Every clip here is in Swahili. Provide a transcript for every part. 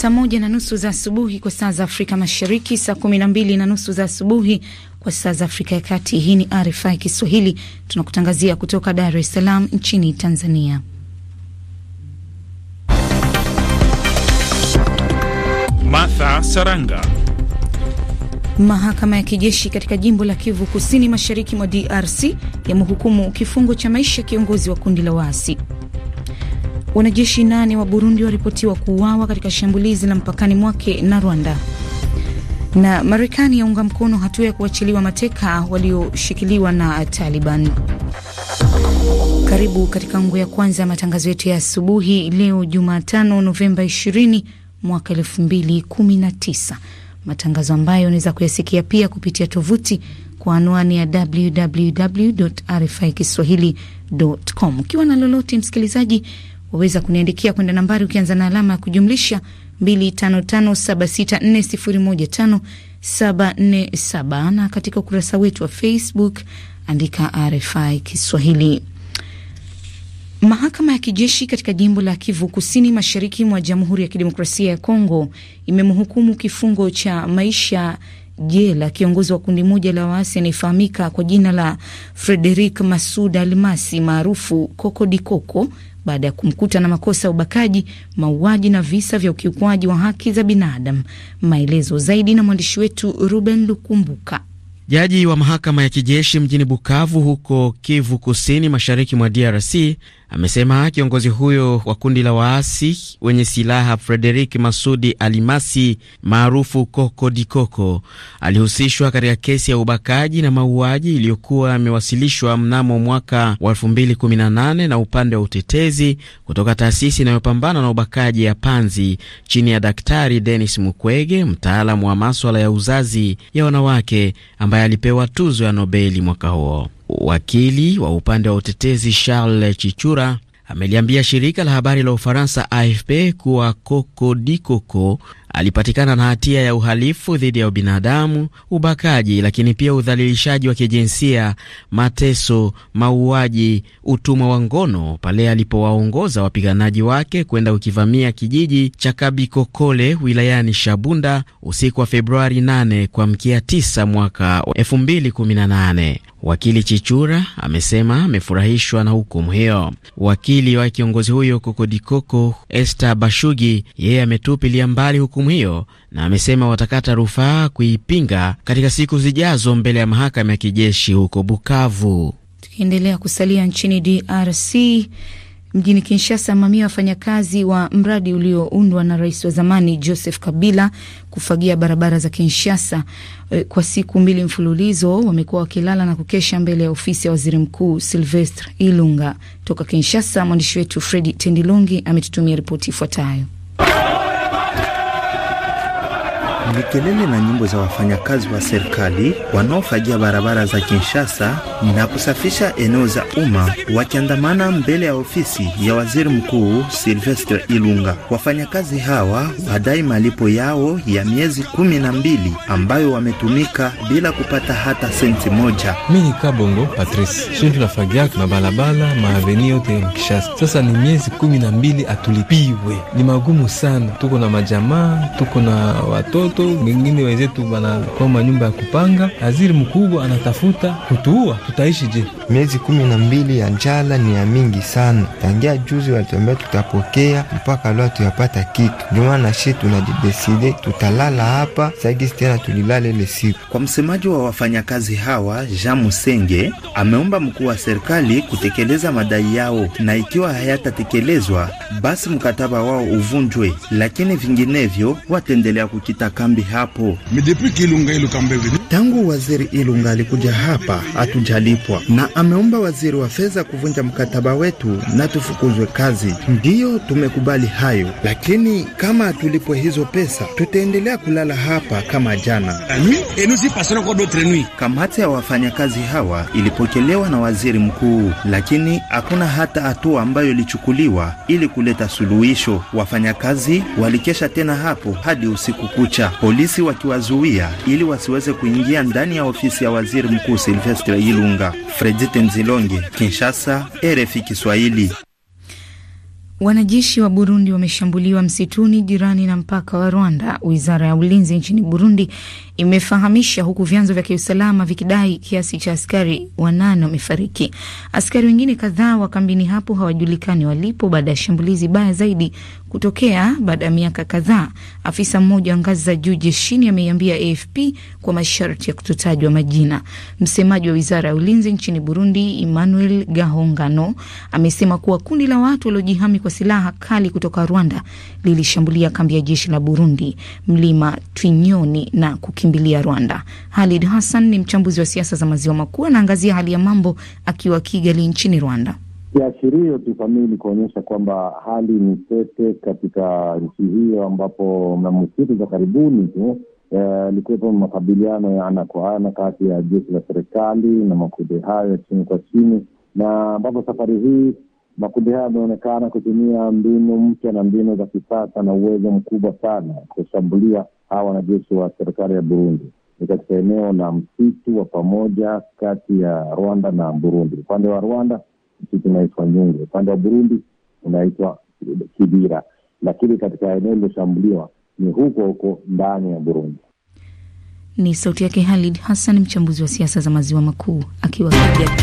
saa moja na nusu za asubuhi kwa saa za Afrika Mashariki, saa kumi na mbili na nusu za asubuhi kwa saa za Afrika ya Kati. Hii ni RFI Kiswahili, tunakutangazia kutoka Dar es Salaam nchini Tanzania. Martha Saranga. Mahakama ya kijeshi katika jimbo la Kivu Kusini, mashariki mwa DRC yamehukumu kifungo cha maisha kiongozi wa kundi la waasi Wanajeshi nane wa Burundi waripotiwa kuuawa katika shambulizi la mpakani mwake na Rwanda. Na Marekani yaunga mkono hatua ya kuachiliwa mateka walioshikiliwa na Taliban. Karibu katika ngo ya kwanza ya matangazo yetu ya asubuhi leo Jumatano, Novemba 20 mwaka 2019, matangazo ambayo unaweza kuyasikia pia kupitia tovuti kwa anwani ya www rfi kiswahilicom Ukiwa na lolote msikilizaji waweza kuniandikia kwenda nambari ukianza na alama ya kujumlisha 255764015747 na katika ukurasa wetu wa Facebook andika RFI Kiswahili. Mahakama ya kijeshi katika jimbo la Kivu Kusini Mashariki mwa Jamhuri ya Kidemokrasia ya Kongo imemhukumu kifungo cha maisha jela kiongozi wa kundi moja la waasi anayefahamika kwa jina la Frederic Masud Almasi maarufu Koko baada ya kumkuta na makosa ya ubakaji, mauaji na visa vya ukiukwaji wa haki za binadamu. Maelezo zaidi na mwandishi wetu Ruben Lukumbuka. Jaji wa mahakama ya kijeshi mjini Bukavu huko Kivu Kusini, mashariki mwa DRC amesema kiongozi huyo wa kundi la waasi wenye silaha Frederik Masudi Alimasi maarufu Koko Koko alihusishwa katika kesi ya ubakaji na mauaji iliyokuwa amewasilishwa mnamo mwaka wa 2018 na upande wa utetezi kutoka taasisi inayopambana na ubakaji ya Panzi chini ya Daktari Denis Mukwege, mtaalamu wa maswala ya uzazi ya wanawake ambaye alipewa tuzo ya Nobeli mwaka huo. Wakili wa upande wa utetezi Charles Chichura ameliambia shirika la habari la Ufaransa AFP kuwa Kokodikoko alipatikana na hatia ya uhalifu dhidi ya ubinadamu, ubakaji, lakini pia udhalilishaji wa kijinsia, mateso, mauaji, utumwa wa ngono pale alipowaongoza wapiganaji wake kwenda kukivamia kijiji cha Kabikokole wilayani Shabunda usiku wa Februari 8 kwa mkia 9 mwaka 2018. Wakili Chichura amesema amefurahishwa na hukumu hiyo. Wakili wa kiongozi huyo Kokodikoko Esther Bashugi yeye ametupilia mbali hukumu hukumu hiyo na amesema watakata rufaa kuipinga katika siku zijazo mbele ya mahakama ya kijeshi huko Bukavu. Tukiendelea kusalia nchini DRC, mjini Kinshasa, mamia wafanyakazi wa mradi ulioundwa na rais wa zamani Joseph Kabila kufagia barabara za Kinshasa e, kwa siku mbili mfululizo wamekuwa wakilala na kukesha mbele ya ofisi ya waziri mkuu Silvestre Ilunga. Toka Kinshasa, mwandishi wetu Fredi Tendilungi ametutumia ripoti ifuatayo ni kelele na nyimbo za wafanyakazi wa serikali wanaofagia barabara za Kinshasa na kusafisha eneo za umma wakiandamana mbele ya ofisi ya waziri mkuu Silvestre Ilunga. Wafanyakazi hawa wadai malipo yao ya miezi kumi na mbili ambayo wametumika bila kupata hata senti moja. Mimi ni Kabongo Patrice, shini tunafagiaka na barabara maaveni yote ya Kinshasa, sasa ni miezi kumi na mbili atulipiwe, ni magumu sana. Tuko na majamaa, tuko na watoto moto, wengine wenzetu wanakoma nyumba ya kupanga. Waziri mkubwa anatafuta kutuua, tutaishi je? Miezi kumi na mbili ya njala ni ya mingi sana, tangia juzi walituambia tutapokea mpaka leo tuyapata kitu. Ndio na shi tunajideside tutalala hapa sagisi tena, tulilale ile siku. Kwa msemaji wa wafanyakazi hawa Jean Musenge ameomba mkuu wa serikali kutekeleza madai yao, na ikiwa hayatatekelezwa basi mkataba wao uvunjwe, lakini vinginevyo watendelea kukitaka kambi hapo. Tangu waziri Ilunga alikuja hapa hatujalipwa, na ameomba waziri wa fedha kuvunja mkataba wetu na tufukuzwe kazi. Ndiyo tumekubali hayo, lakini kama hatulipwe hizo pesa tutaendelea kulala hapa kama jana. Kamati ya wafanyakazi hawa ilipokelewa na waziri mkuu, lakini hakuna hata hatua ambayo ilichukuliwa ili kuleta suluhisho. Wafanyakazi walikesha tena hapo hadi usiku kucha polisi wakiwazuia ili wasiweze kuingia ndani ya ofisi ya waziri mkuu Silvestre Ilunga. Fredite Nzilonge, Kinshasa, RFI Kiswahili. Wanajeshi wa Burundi wameshambuliwa msituni jirani na mpaka wa Rwanda. Wizara ya ulinzi nchini Burundi imefahamisha huku vyanzo vya kiusalama vikidai kiasi cha askari wanane wamefariki. Askari wengine kadhaa wa kambini hapo hawajulikani walipo baada ya shambulizi baya zaidi kutokea baada ya miaka kadhaa. Afisa mmoja wa ngazi za juu jeshini ameiambia AFP kwa masharti ya kutotajwa majina. Msemaji wa wizara ya ulinzi nchini Burundi, Emmanuel Gahongano, amesema kuwa kundi la watu waliojihami kwa silaha kali kutoka Rwanda lilishambulia kambi ya jeshi la Burundi mlima Twinyoni na kukimbilia Rwanda. Halid Hassan ni mchambuzi wa siasa za maziwa makuu, anaangazia hali ya mambo akiwa Kigali nchini Rwanda. Kiashirio tu kamili ni kuonyesha kwamba hali ni tete katika nchi hiyo, ambapo mnamo siku za karibuni tu eh, ilikuwepo eh, makabiliano ya ana kwa ana kati ya jeshi la serikali na makundi hayo ya chini kwa chini, na ambapo safari hii Makundi haya yameonekana kutumia mbinu mpya na mbinu za kisasa na uwezo mkubwa sana kushambulia hawa wanajeshi wa serikali ya Burundi. Ni katika eneo la msitu wa pamoja kati ya Rwanda na Burundi. Upande wa Rwanda msitu unaitwa Nyungwe, upande wa Burundi unaitwa Kibira, lakini katika eneo lililoshambuliwa ni huko huko ndani ya Burundi. Ni sauti yake Halid Hassan, mchambuzi wa siasa za maziwa makuu akiwa Kigali.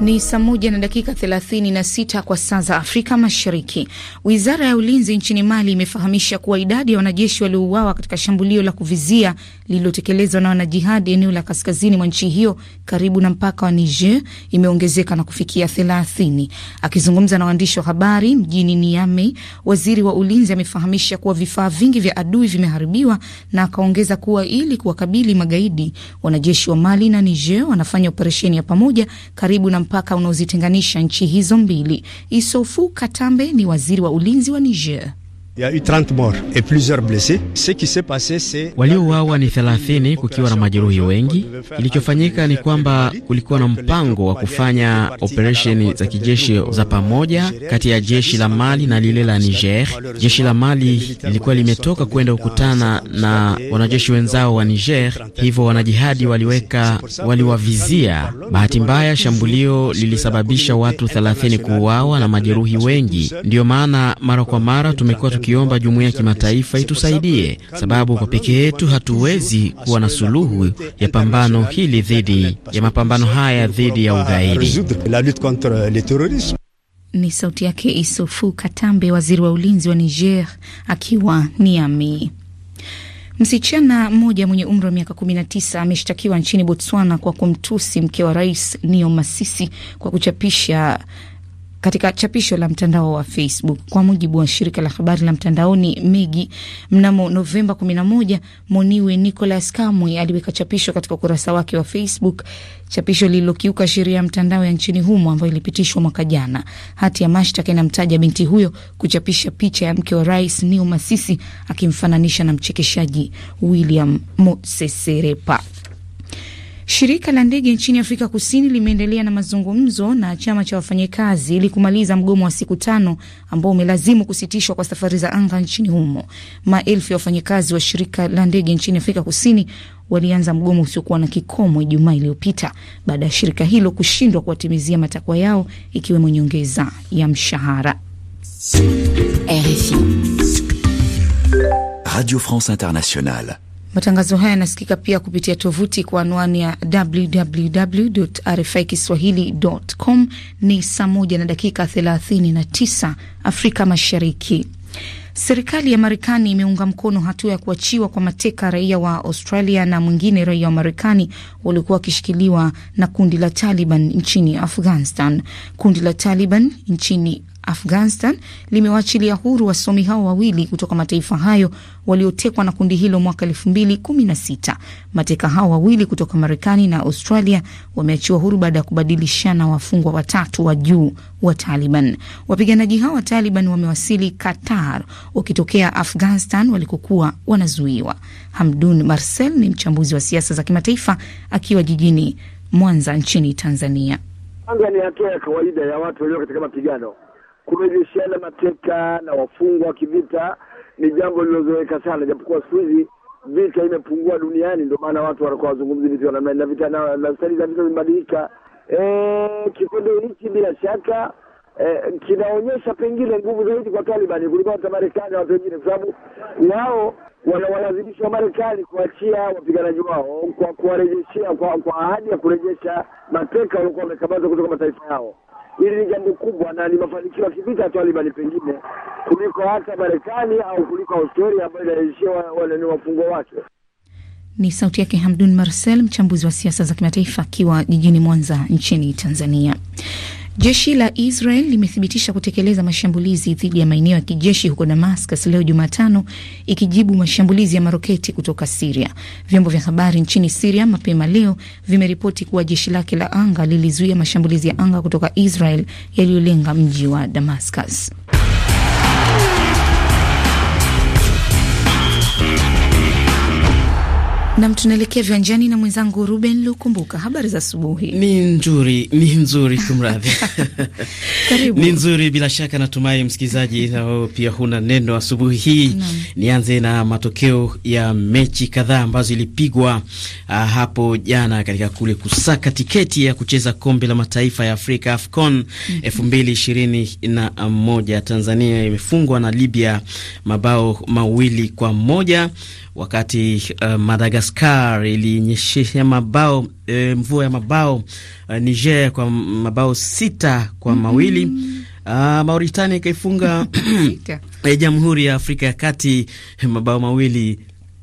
Ni saa moja na dakika thelathini na sita kwa saa za Afrika Mashariki. Wizara ya ulinzi nchini Mali imefahamisha kuwa idadi ya wanajeshi waliouawa katika shambulio la kuvizia lililotekelezwa na wanajihadi eneo la kaskazini mwa nchi hiyo karibu na mpaka wa Niger imeongezeka na kufikia thelathini. Akizungumza na waandishi wa habari mjini Niamey, waziri wa ulinzi amefahamisha kuwa vifaa vingi vya adui vimeharibiwa na akaongeza kuwa ili kuwakabili magaidi, wanajeshi wa Mali na Niger wanafanya operesheni ya pamoja karibu na mpaka unaozitenganisha nchi hizo mbili. isofu Katambe ni waziri wa ulinzi wa Niger. Il y a eu 30 morts et plusieurs blessés. Ce qui s'est c'est waliouawa ni 30 kukiwa na majeruhi wengi. Kilichofanyika ni kwamba kulikuwa na mpango wa kufanya operesheni za kijeshi za pamoja kati ya jeshi la Mali na lile la Niger. Jeshi la Mali lilikuwa limetoka kwenda kukutana na wanajeshi wenzao wa Niger, hivyo wanajihadi waliweka waliwavizia. Bahati mbaya, shambulio lilisababisha watu 30 kuuawa na majeruhi wengi. Ndiyo maana mara kwa mara tumekuwa tuki tukiomba jumuiya ya kimataifa itusaidie, sababu kwa peke yetu hatuwezi kuwa na suluhu ya pambano hili dhidi ya mapambano haya dhidi ya ugaidi. Ni sauti yake Isufu Katambe, waziri wa ulinzi wa Niger, akiwa Niamey. Msichana mmoja mwenye umri wa miaka 19 ameshtakiwa nchini Botswana kwa kumtusi mke wa rais nio Masisi kwa kuchapisha katika chapisho la mtandao wa Facebook. Kwa mujibu wa shirika la habari la mtandaoni Megi, mnamo Novemba 11 Moniwe Nicolas Kamwe aliweka chapisho katika ukurasa wake wa Facebook, chapisho lililokiuka sheria ya mtandao ya nchini humo ambayo ilipitishwa mwaka jana. Hati ya mashtaka inamtaja binti huyo kuchapisha picha ya mke wa rais Neo Masisi akimfananisha na mchekeshaji William Moseserepa. Shirika la ndege nchini Afrika Kusini limeendelea na mazungumzo na chama cha wafanyakazi ili kumaliza mgomo wa siku tano ambao umelazimu kusitishwa kwa safari za anga nchini humo. Maelfu ya wafanyakazi wa shirika la ndege nchini Afrika Kusini walianza mgomo usiokuwa na kikomo Ijumaa iliyopita baada ya shirika hilo kushindwa kuwatimizia matakwa yao ikiwemo nyongeza ya mshahara. RFI Radio France Internationale Matangazo haya yanasikika pia kupitia tovuti kwa anwani ya www RFI kiswahilicom. Ni saa moja na dakika 39 Afrika Mashariki. Serikali ya Marekani imeunga mkono hatua ya kuachiwa kwa mateka raia wa Australia na mwingine raia wa Marekani waliokuwa wakishikiliwa na kundi la Taliban nchini Afghanistan. Kundi la Taliban nchini Afghanistan limewaachilia huru wasomi hao wawili kutoka mataifa hayo waliotekwa na kundi hilo mwaka 2016. Mateka hao wawili kutoka Marekani na Australia wameachiwa huru baada ya kubadilishana wafungwa watatu wa juu wa Taliban. Wapiganaji hao wa Taliban wamewasili Qatar wakitokea Afghanistan walikokuwa wanazuiwa. Hamdun Marcel ni mchambuzi wa siasa za kimataifa akiwa jijini Mwanza nchini Tanzania. Kwanza ni hatua ya kawaida ya watu walio katika mapigano kurejeshana mateka na wafungwa wa kivita ni jambo lilozoeleka sana, japokuwa siku hizi vita imepungua duniani, ndio maana watu wanakuwa wazungumzi vitu na na vita na, na stari za vita zimebadilika. E, kikundi hichi bila shaka e, kinaonyesha pengine nguvu zaidi kwa Taliban kuliko hata Marekani na watu wengine, kwa sababu wao wanawalazimisha wa Marekani kuachia wapiganaji wao kwa kuwarejeshea kwa, kwa ahadi ya kurejesha mateka waliokuwa wamekamatwa kutoka mataifa yao. Hili ni jambo kubwa na ni mafanikio ya kivita talibani pengine kuliko hata Marekani au kuliko Australia ambayo inaishia ni wafungwa wake. Ni sauti yake Hamdun Marcel, mchambuzi wa siasa za kimataifa akiwa jijini Mwanza nchini Tanzania. Jeshi la Israel limethibitisha kutekeleza mashambulizi dhidi ya maeneo ya kijeshi huko Damascus leo Jumatano, ikijibu mashambulizi ya maroketi kutoka Siria. Vyombo vya habari nchini Siria mapema leo vimeripoti kuwa jeshi lake la anga lilizuia mashambulizi ya anga kutoka Israel yaliyolenga mji wa Damascus. Nam, tunaelekea viwanjani na mwenzangu Ruben Lukumbuka. Habari za asubuhi. Ni nzuri, ni nzuri kumradhi. Karibu. Ni nzuri bila shaka, natumai msikilizaji nao pia huna neno asubuhi hii. Nianze na matokeo ya mechi kadhaa ambazo ilipigwa ah, hapo jana katika kule kusaka tiketi ya kucheza kombe la mataifa ya Afrika AFCON mhm. elfu mbili ishirini na moja. Tanzania imefungwa na Libya mabao mawili kwa moja wakati uh, Madagascar ilinyeshesha mabao e, mvua ya mabao uh, Niger kwa mabao sita kwa mm -hmm. mawili uh, Mauritania ikaifunga Jamhuri ya Afrika ya Kati mabao mawili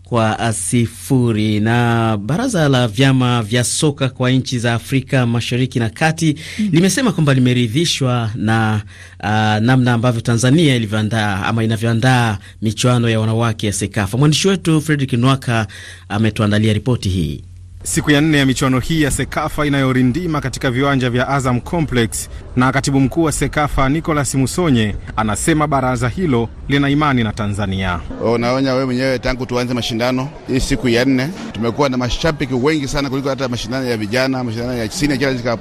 kwa sifuri. Na baraza la vyama vya soka kwa nchi za Afrika Mashariki na Kati mm, limesema kwamba limeridhishwa na uh, namna ambavyo Tanzania ilivyoandaa ama inavyoandaa michuano ya wanawake ya SEKAFA. Mwandishi wetu Fredrick Nwaka ametuandalia ripoti hii siku ya nne ya michuano hii ya Sekafa inayorindima katika viwanja vya Azam Complex, na katibu mkuu wa Sekafa Nicolas Musonye anasema baraza hilo lina imani na Tanzania. Unaonya wewe mwenyewe, tangu tuanze mashindano hii siku ya nne tumekuwa na mashabiki wengi sana kuliko hata mashindano ya vijana, mashindano ya cup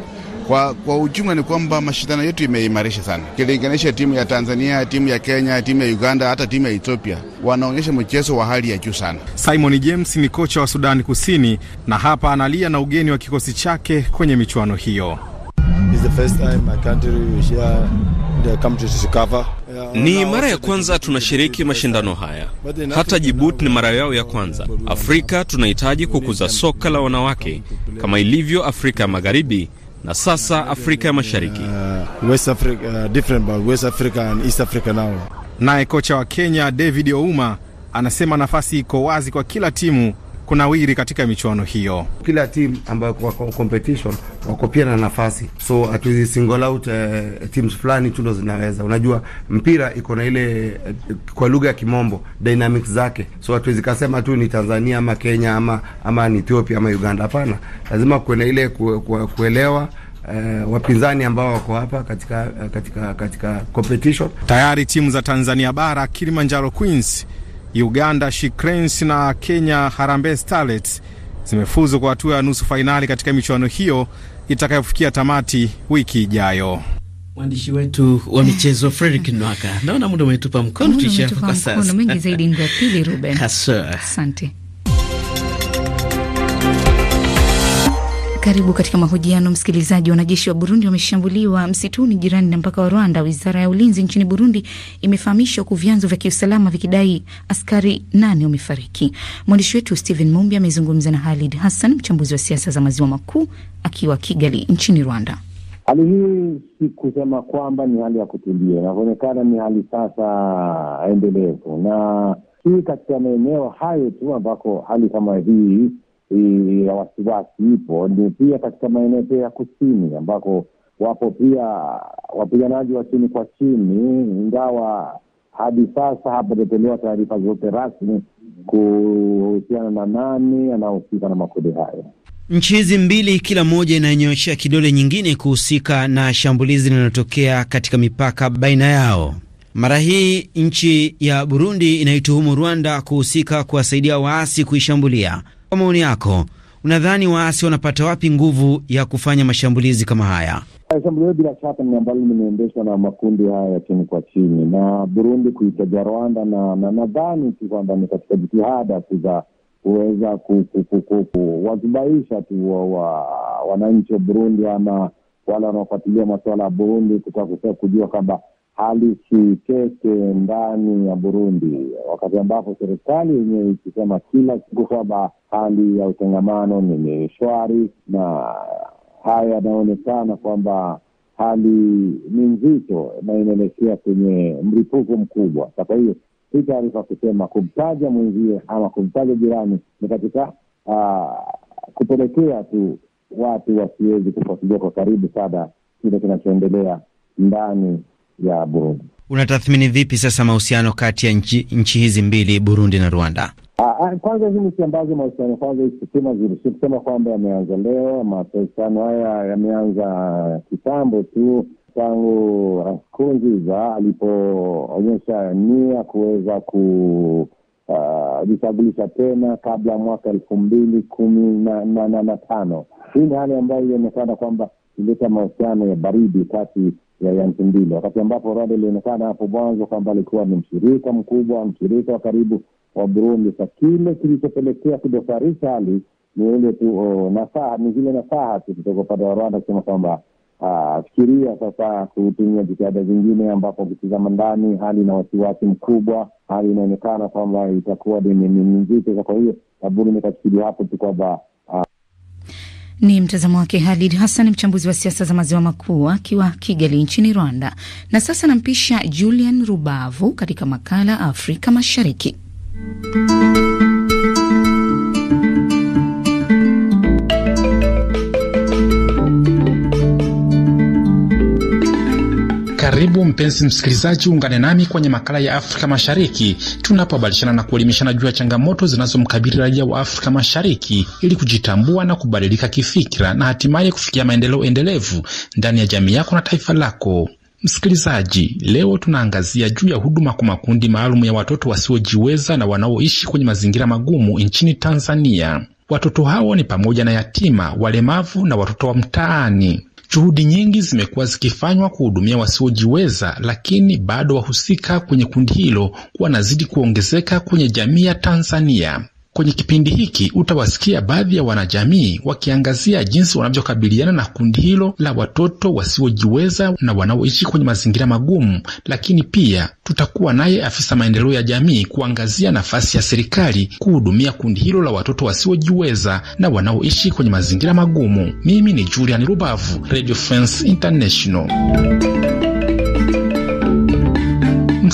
kwa, kwa ujumla ni kwamba mashindano yetu imeimarisha sana, kilinganisha timu ya Tanzania, timu ya Kenya, timu ya Uganda, hata timu ya Ethiopia, wanaonyesha mchezo wa hali ya juu sana. Simon James ni kocha wa Sudani Kusini na hapa analia na ugeni wa kikosi chake kwenye michuano hiyo. Ni mara ya kwanza tunashiriki mashindano haya. Hata Jibuti ni mara yao ya kwanza. Afrika tunahitaji kukuza soka la wanawake kama ilivyo Afrika ya Magharibi na sasa Afrika ya Mashariki. Uh, uh, Naye kocha wa Kenya David Ouma anasema nafasi iko wazi kwa kila timu kunawiri katika michuano hiyo. Kila timu ambayo kwa competition wako pia na nafasi, so hatuwezi single out uh, teams fulani tu ndo zinaweza. Unajua mpira iko na ile uh, kwa lugha ya kimombo dynamics zake, so hatuwezi kasema tu ni Tanzania ama Kenya ama ama ni Ethiopia ama Uganda. Hapana, lazima kuwe na ile kuelewa Uh, wapinzani ambao wako hapa katika, katika, katika competition. Tayari timu za Tanzania bara Kilimanjaro Queens Uganda Shikrens na Kenya Harambee Starlets zimefuzu kwa hatua ya nusu fainali katika michuano hiyo itakayofikia tamati wiki ijayo. Mwandishi wetu wa michezo Fredrick Nwaka. Naona muda umetupa mkono, tisha kwa sasa. Mengi zaidi ndio pili, Ruben. Asante. Karibu katika mahojiano msikilizaji. Wanajeshi wa Burundi wameshambuliwa msituni jirani na mpaka wa Rwanda. Wizara ya ulinzi nchini Burundi imefahamishwa huku vyanzo vya kiusalama vikidai askari nane wamefariki. Mwandishi wetu Stephen Mumbi amezungumza na Halid Hassan, mchambuzi wa siasa za maziwa makuu, akiwa Kigali nchini Rwanda. Hali hii si kusema kwamba ni hali ya kutulia, inavyoonekana ni hali sasa endelevu, na hii katika maeneo hayo tu ambako hali kama hii ya wasiwasi ipo, ni pia katika maeneo pia ya kusini ambako wapo pia wapiganaji wa chini kwa chini, ingawa hadi sasa hapajatolewa taarifa zote rasmi kuhusiana na nani anahusika na makundi hayo. Nchi hizi mbili kila moja inanyoshea kidole nyingine kuhusika na shambulizi linalotokea katika mipaka baina yao. Mara hii nchi ya Burundi inaituhumu Rwanda kuhusika kuwasaidia waasi kuishambulia. Kwa maoni yako, unadhani waasi wanapata wapi nguvu ya kufanya mashambulizi kama haya? Shambulio bila shaka ni ambalo limeendeshwa na makundi haya ya chini kwa chini, na Burundi kuitaja Rwanda, na nadhani tu kwamba ni katika jitihada tu za kuweza kuwazubaisha tu wananchi wa Burundi ama wale wanaofuatilia masuala ya Burundi kutaka kujua kwamba hali kitete ndani ya Burundi, wakati ambapo serikali yenyewe ikisema kila siku kwamba hali ya utengamano ni shwari, na haya yanaonekana kwamba hali ni nzito na inaelekea kwenye mlipuko mkubwa. kwa hiyo si taarifa kusema kumtaja mwenzie ama kumtaja jirani ni katika ah, kupelekea tu watu wasiwezi kufuatilia kwa karibu sana kile kinachoendelea ndani ya Burundi. Unatathmini vipi sasa mahusiano kati ya nchi, nchi hizi mbili Burundi na Rwanda? Ah, ah, kwanza hizi nchi ambazo mahusiano kwanza kama si kusema kwamba yameanza leo, mahusiano haya yameanza kitambo tu tangu Nkurunziza alipoonyesha nia kuweza kujichagulisha ah, uh, tena kabla ya mwaka elfu mbili kumi na, na, na, na tano. Hii ni hali ambayo ilionekana kwamba ilileta mahusiano ya baridi kati ya Yangtu mbili, wakati ambapo Rwanda ilionekana hapo mwanzo kwamba alikuwa ni mshirika mkubwa, mshirika wa karibu wa Burundi. Sa kile kilichopelekea kudosarisha hali ni ile tu oh, nasaha ni zile nasaha tu kutoka upande wa Rwanda kusema kwamba ah, fikiria sasa kutumia jitihada zingine, ambapo ukitizama ndani hali na wasiwasi mkubwa, hali inaonekana kwamba itakuwa ni nzito. Kwa hiyo Kaburu nikachukulia hapo tu kwamba ni mtazamo wake Halid Hassan, mchambuzi wa siasa za maziwa makuu akiwa Kigali nchini Rwanda. Na sasa nampisha Julian Rubavu katika makala Afrika Mashariki. Karibu mpenzi msikilizaji, ungane nami kwenye makala ya Afrika Mashariki tunapobadilishana na kuelimishana juu ya changamoto zinazomkabili raia wa Afrika Mashariki ili kujitambua na kubadilika kifikira na hatimaye kufikia maendeleo endelevu ndani ya jamii yako na taifa lako. Msikilizaji, leo tunaangazia juu ya huduma kwa makundi maalum ya watoto wasiojiweza na wanaoishi kwenye mazingira magumu nchini Tanzania. Watoto hao ni pamoja na yatima, walemavu na watoto wa mtaani. Juhudi nyingi zimekuwa zikifanywa kuhudumia wasiojiweza, lakini bado wahusika kwenye kundi hilo wanazidi kuongezeka kwenye jamii ya Tanzania. Kwenye kipindi hiki utawasikia baadhi ya wanajamii wakiangazia jinsi wanavyokabiliana na kundi hilo la watoto wasiojiweza na wanaoishi kwenye mazingira magumu, lakini pia tutakuwa naye afisa maendeleo ya jamii kuangazia nafasi ya serikali kuhudumia kundi hilo la watoto wasiojiweza na wanaoishi kwenye mazingira magumu. Mimi ni Julian Rubavu, Radio France International.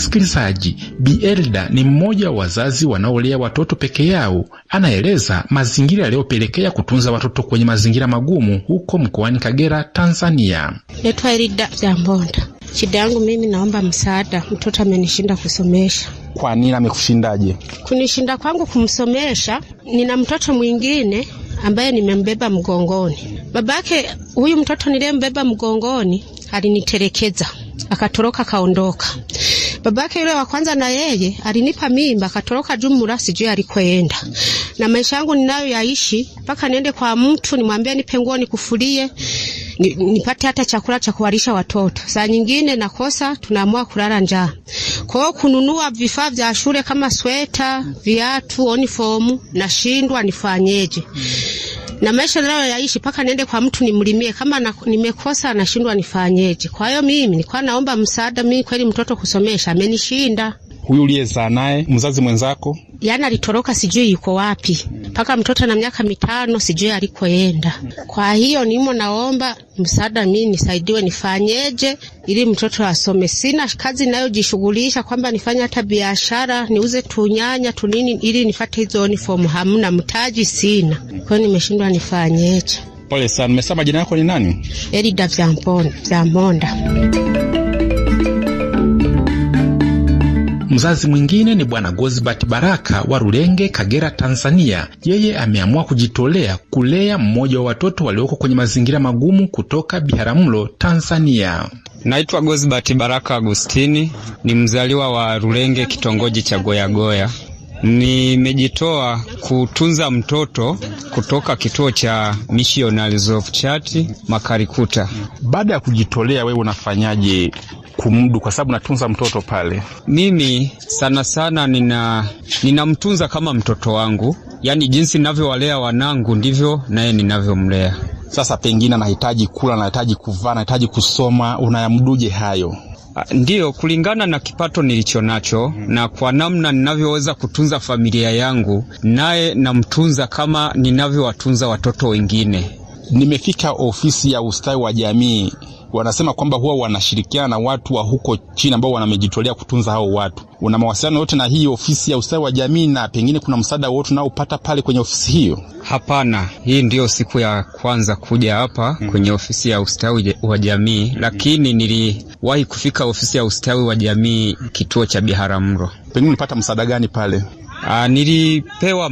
Msikilizaji, Bielda ni mmoja wa wazazi wanaolea watoto peke yao. Anaeleza mazingira yaliyopelekea kutunza watoto kwenye mazingira magumu huko mkoani Kagera, Tanzania. Naitwa Elda Jambonda. Shida yangu mimi, naomba msaada. Mtoto amenishinda kusomesha. Kwa nini amekushindaje? Kunishinda kwangu kumsomesha, nina mtoto mwingine ambaye nimembeba mgongoni. Babake huyu mtoto niliyembeba mgongoni alinitelekeza, akatoroka, akaondoka. Babake yule wa kwanza na yeye alinipa mimba akatoroka Jumura, sijui alikwenda. Na maisha yangu ninayo yaishi mpaka niende kwa mtu nimwambie nipe nguo nikufulie nipate hata chakula cha kuwalisha watoto. Saa nyingine nakosa, tunaamua kulala njaa. Kwa hiyo kununua vifaa vya shule kama sweta, viatu, uniform nashindwa, nifanyeje? na maisha yaishi mpaka niende kwa mtu nimlimie, kama na, nimekosa nashindwa nifanyeje? Kwa hiyo mimi nilikuwa naomba msaada. Mimi kweli mtoto kusomesha amenishinda. Huyu uliyezaa naye mzazi mwenzako yani alitoroka, sijui yuko wapi mpaka mtoto na miaka mitano, sijui alikoenda. Kwa hiyo nimo naomba msaada, mimi nisaidiwe, nifanyeje ili mtoto asome. Sina kazi inayojishughulisha kwamba nifanye hata biashara niuze tunyanya tunini ili nifate hizo uniform, hamna mtaji, sina. Kwa hiyo nimeshindwa nifanyeje. Pole sana. Mmesema jina yako ni nani? Elida Vyamonda. Mzazi mwingine ni Bwana gozibati Baraka wa Rulenge, Kagera, Tanzania. Yeye ameamua kujitolea kulea mmoja wa watoto walioko kwenye mazingira magumu kutoka Biharamulo, Tanzania. Naitwa gozibati Baraka Agustini, ni mzaliwa wa Rulenge, kitongoji cha Goyagoya. Nimejitoa kutunza mtoto kutoka kituo cha Missionaries of Charity Makarikuta. Baada ya kujitolea, wewe unafanyaje kumdu kwa sababu natunza mtoto pale? Mimi sana sana nina ninamtunza kama mtoto wangu, yaani jinsi ninavyowalea wanangu ndivyo naye ninavyomlea. Sasa pengine anahitaji kula, anahitaji kuvaa, anahitaji kusoma, unayamduje hayo? Ah, Ndiyo, kulingana na kipato nilicho nacho hmm. na kwa namna ninavyoweza kutunza familia yangu, naye namtunza kama ninavyowatunza watoto wengine. Nimefika ofisi ya ustawi wa jamii wanasema kwamba huwa wanashirikiana na watu wa huko China ambao wanamejitolea kutunza hao watu. Una mawasiliano yote na hii ofisi ya ustawi wa jamii, na pengine kuna msaada wote unaopata pale kwenye ofisi hiyo? Hapana, hii ndiyo siku ya kwanza kuja hapa mm -hmm. kwenye ofisi ya ustawi wa jamii mm -hmm. lakini niliwahi kufika ofisi ya ustawi wa jamii kituo cha Biharamulo. Pengine ulipata msaada gani pale? Uh, nilipewa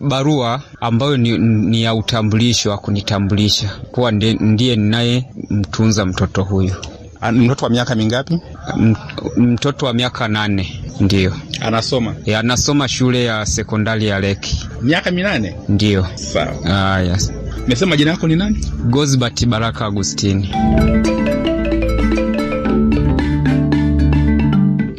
barua ambayo ni, ni ya utambulisho wa kunitambulisha kuwa ndiye ninaye mtunza mtoto huyu. Ah, mtoto wa miaka mingapi? M, mtoto wa miaka nane. ndio anasoma e, anasoma shule ya sekondari ya Leki. Miaka minane? Ndiyo. Sawa. Ah, yes. Mesema jina yako ni nani? gosbat Baraka Agustini.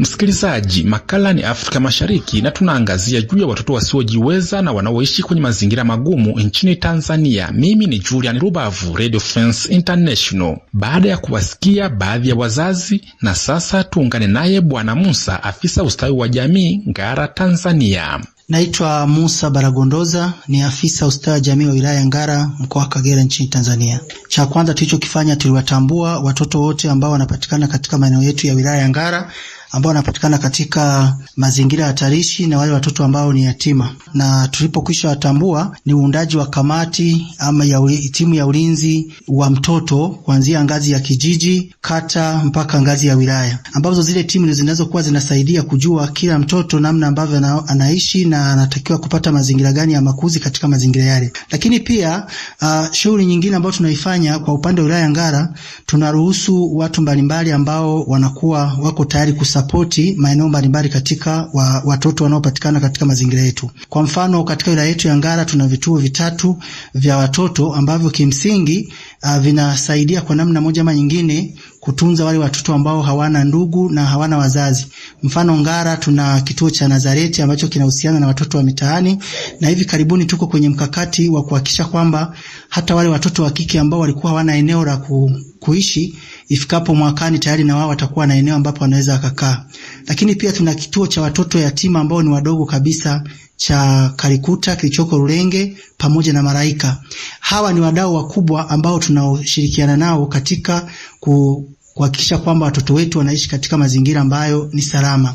Msikilizaji, makala ni Afrika Mashariki na tunaangazia juu ya watoto wasiojiweza na wanaoishi kwenye mazingira magumu nchini Tanzania. Mimi ni Julian Rubavu, Radio France International. Baada ya kuwasikia baadhi ya wazazi, na sasa tuungane naye Bwana Musa, afisa ustawi wa jamii Ngara, Tanzania. Naitwa Musa Baragondoza, ni afisa ustawi wa jamii wa wilaya ya Ngara, mkoa wa Kagera, nchini Tanzania. Cha kwanza tulichokifanya, tuliwatambua watoto wote ambao wanapatikana katika maeneo yetu ya wilaya ya Ngara ambao wanapatikana katika mazingira hatarishi na wale watoto ambao ni yatima, na tulipokwisha watambua, ni uundaji wa kamati ama ya uli, timu ya ulinzi wa mtoto kuanzia ngazi ya kijiji, kata mpaka ngazi ya wilaya, ambazo zile timu ndizo zinazokuwa zinasaidia kujua kila mtoto namna ambavyo na, anaishi na anatakiwa kupata mazingira gani ya makuzi katika mazingira yale. Lakini pia uh, shughuli nyingine ambayo tunaifanya kwa upande wa wilaya Ngara, tunaruhusu watu mbalimbali ambao wanakuwa wako tayari kus kusapoti maeneo mbalimbali katika wa, watoto wanaopatikana katika mazingira yetu. Kwa mfano, katika wilaya yetu ya Ngara tuna vituo vitatu vya watoto ambavyo kimsingi uh, vinasaidia kwa namna moja ama nyingine kutunza wale watoto ambao hawana ndugu na hawana wazazi. Mfano Ngara tuna kituo cha Nazareti ambacho kinahusiana na watoto wa mitaani, na hivi karibuni tuko kwenye mkakati wa kuhakikisha kwamba hata wale watoto wa kike ambao walikuwa hawana eneo la ku, kuishi ifikapo mwakani tayari na wao watakuwa na eneo ambapo wanaweza wakakaa. Lakini pia tuna kituo cha watoto yatima ambao ni wadogo kabisa cha Kalikuta kilichoko Rulenge pamoja na Maraika. Hawa ni wadau wakubwa ambao tunaoshirikiana nao katika ku kuhakikisha kwamba watoto wetu wanaishi katika mazingira ambayo ni salama.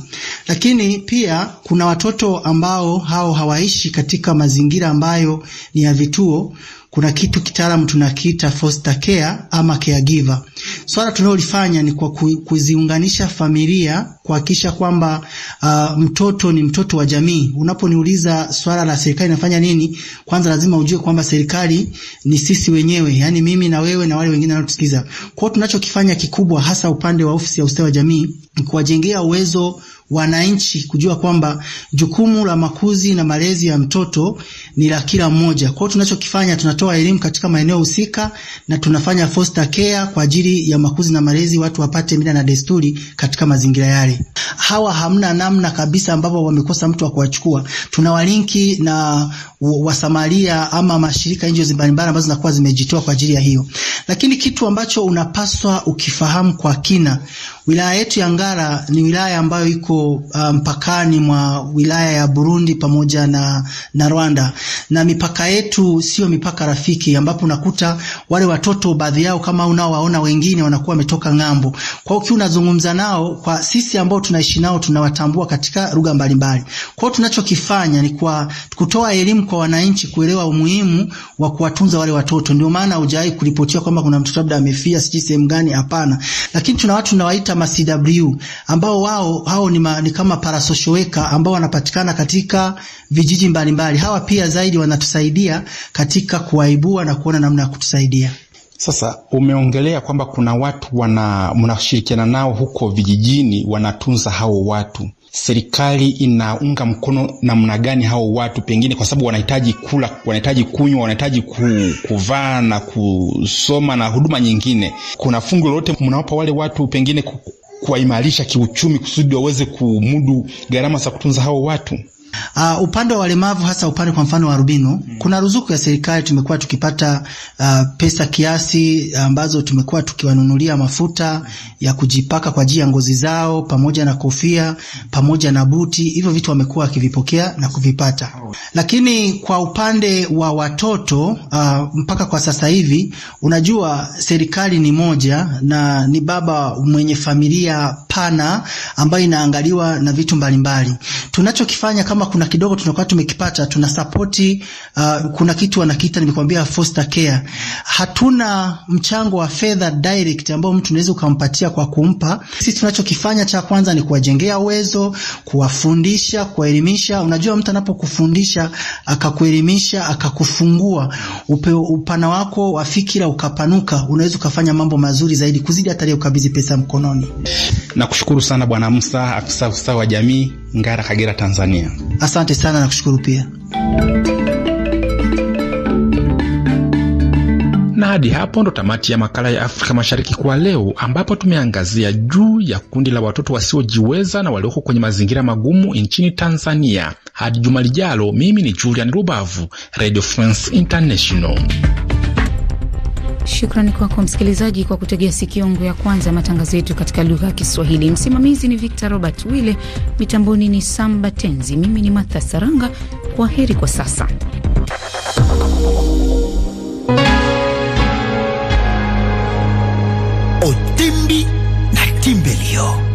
Lakini pia kuna watoto ambao hao hawaishi katika mazingira ambayo ni ya vituo kuna kitu kitaalamu tunakiita foster care ama caregiver. Swala tunalolifanya ni kwa kuziunganisha familia kuhakikisha kwamba uh, mtoto ni mtoto wa jamii. Unaponiuliza swala la serikali inafanya nini, kwanza lazima ujue kwamba serikali ni sisi wenyewe, yani mimi na wewe na wale wengine wanaotusikiza. Kwa hiyo tunachokifanya kikubwa, hasa upande wa ofisi ya ustawi wa jamii, ni kuwajengea uwezo wananchi kujua kwamba jukumu la makuzi na malezi ya mtoto ni la kila mmoja. Kwa hiyo tunachokifanya, tunatoa elimu katika maeneo husika na tunafanya foster care kwa ajili ya makuzi na malezi, watu wapate mila na desturi katika mazingira yale. Hawa hamna namna kabisa ambapo wamekosa mtu wa kuwachukua. Tunawalinki na wasamaria ama mashirika nje mbalimbali ambazo zinakuwa zimejitoa kwa ajili ya hiyo. Lakini kitu ambacho unapaswa ukifahamu kwa kina Wilaya yetu ya Ngara ni wilaya ambayo iko uh, mpakani um, mwa wilaya ya Burundi pamoja na, na Rwanda, na mipaka yetu sio mipaka rafiki, ambapo unakuta wale watoto baadhi yao kama unaowaona wengine wanakuwa wametoka ng'ambo. Kwa hiyo unazungumza nao, kwa sisi ambao tunaishi nao tunawatambua katika lugha mbalimbali. Kwa hiyo tunachokifanya ni kwa kutoa elimu kwa wananchi kuelewa umuhimu wa kuwatunza wale watoto. Ndio maana hujawahi kuripotiwa kwamba kuna mtoto labda amefia sijui sehemu gani, hapana, lakini tuna watu tunawaita kama CW ambao wao hao ni, ma, ni kama parasocial worker ambao wanapatikana katika vijiji mbalimbali mbali. Hawa pia zaidi wanatusaidia katika kuwaibua na kuona namna ya kutusaidia. Sasa umeongelea kwamba kuna watu wana mnashirikiana nao huko vijijini, wanatunza hao watu serikali inaunga mkono namna gani hao watu, pengine kwa sababu wanahitaji kula, wanahitaji kunywa, wanahitaji ku, kuvaa na kusoma na huduma nyingine. Kuna fungu lolote mnawapa wale watu pengine kuwaimarisha kiuchumi kusudi waweze kumudu gharama za kutunza hao watu? Uh, upande wa walemavu hasa upande kwa mfano wa rubino hmm. Kuna ruzuku ya serikali tumekuwa tukipata uh, pesa kiasi ambazo tumekuwa tukiwanunulia mafuta hmm. ya kujipaka kwa ajili ya ngozi zao pamoja na kofia pamoja na buti, hivyo vitu wamekuwa wakivipokea na kuvipata. Oh. Lakini kwa upande wa watoto uh, mpaka kwa sasa hivi, unajua serikali ni moja na ni baba mwenye familia pana ambayo inaangaliwa na vitu mbalimbali tunachokifanya kama kama kuna kidogo tunakuwa tumekipata tuna sapoti uh, kuna kitu wanakiita nimekwambia foster care. Hatuna mchango wa fedha direct ambao mtu unaweza ukampatia kwa kumpa. Sisi tunachokifanya cha kwanza ni kuwajengea uwezo, kuwafundisha, kuwaelimisha. Unajua, mtu anapokufundisha akakuelimisha, akakufungua upeo, upana wako wa fikira ukapanuka, unaweza ukafanya mambo mazuri zaidi kuzidi hata ukabidhi pesa mkononi. Nakushukuru sana Bwana Musa, afisa ustawi wa jamii Ngara, Kagera, Tanzania. Asante sana na kushukuru pia. Na hadi hapo ndo tamati ya makala ya Afrika Mashariki kwa leo, ambapo tumeangazia juu ya kundi la watoto wasiojiweza na walioko kwenye mazingira magumu nchini Tanzania. Hadi juma lijalo, mimi ni Julian Rubavu, Radio France International. Shukrani kwako msikilizaji kwa kutegea sikiongo ya kwanza ya matangazo yetu katika lugha ya Kiswahili. Msimamizi ni Victor Robert Wille, mitamboni ni Samba Tenzi, mimi ni Martha Saranga. Kwa heri kwa sasa. otimbi na Timbelio.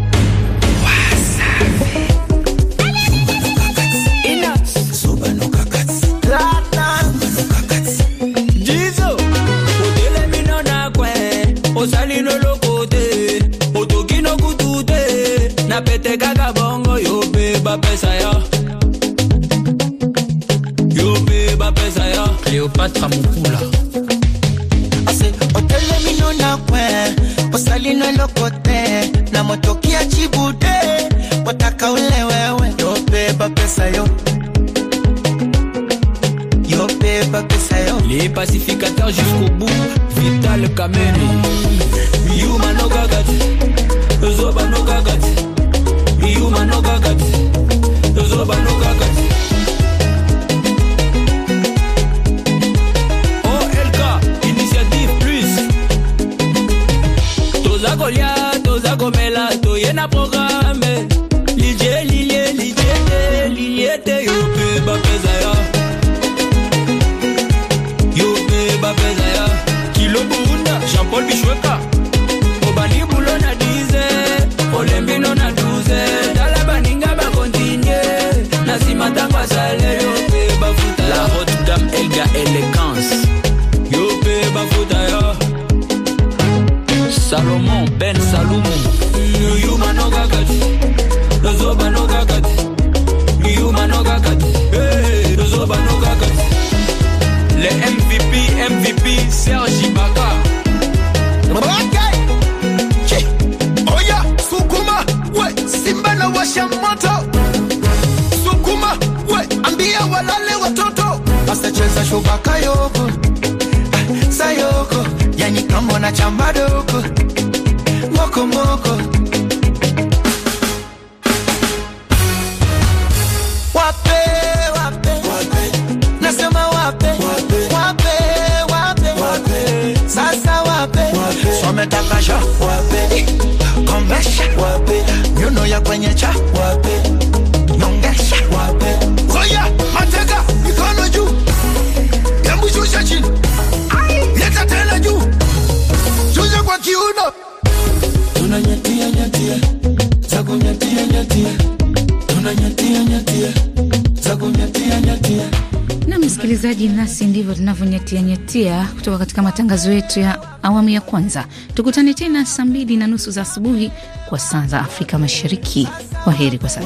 na pete kaka bongo yobeba pesa yo yobeba pesa yo cleopatra mopula ase otelemino na kwe osalino eloko te na motoki chibude botaka ule wewe yobeba pesa yo yobeba pesa yo les pacificateurs jusqu'au bout vital kameni yuma nokakati zoba nokakati mwanachama dogo mokomoko wape, wape, wape, wape, wape, wape, wape, wape, eh, wape, wape, wape msikilizaji, nasi ndivyo tunavyonyatia nyatia kutoka katika matangazo yetu ya awamu ya kwanza. Tukutane tena saa mbili na nusu za asubuhi kwa saa za Afrika Mashariki. Kwa heri kwa sasa.